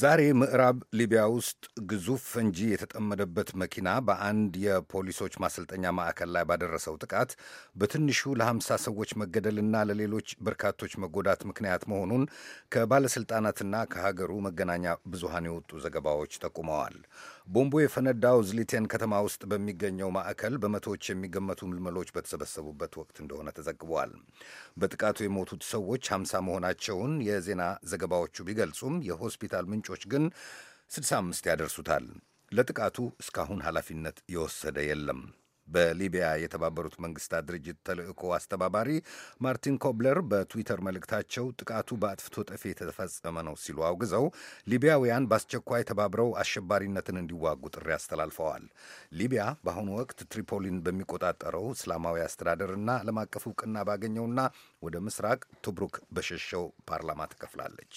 ዛሬ ምዕራብ ሊቢያ ውስጥ ግዙፍ ፈንጂ የተጠመደበት መኪና በአንድ የፖሊሶች ማሰልጠኛ ማዕከል ላይ ባደረሰው ጥቃት በትንሹ ለሀምሳ ሰዎች መገደልና ለሌሎች በርካቶች መጎዳት ምክንያት መሆኑን ከባለሥልጣናትና ከሀገሩ መገናኛ ብዙሃን የወጡ ዘገባዎች ጠቁመዋል። ቦምቡ የፈነዳው ዝሊቴን ከተማ ውስጥ በሚገኘው ማዕከል በመቶዎች የሚገመቱ ምልመሎች በተሰበሰቡበት ወቅት እንደሆነ ተዘግቧል። በጥቃቱ የሞቱት ሰዎች ሀምሳ መሆናቸውን የዜና ዘገባዎቹ ቢገልጹም የሆስፒታል ምንጮ ምንጮች ግን 65 ያደርሱታል። ለጥቃቱ እስካሁን ኃላፊነት የወሰደ የለም። በሊቢያ የተባበሩት መንግስታት ድርጅት ተልእኮ አስተባባሪ ማርቲን ኮብለር በትዊተር መልእክታቸው ጥቃቱ በአጥፍቶ ጠፊ የተፈጸመ ነው ሲሉ አውግዘው ሊቢያውያን በአስቸኳይ ተባብረው አሸባሪነትን እንዲዋጉ ጥሪ አስተላልፈዋል። ሊቢያ በአሁኑ ወቅት ትሪፖሊን በሚቆጣጠረው እስላማዊ አስተዳደርና ዓለም አቀፍ እውቅና ባገኘውና ወደ ምስራቅ ቱብሩክ በሸሸው ፓርላማ ተከፍላለች።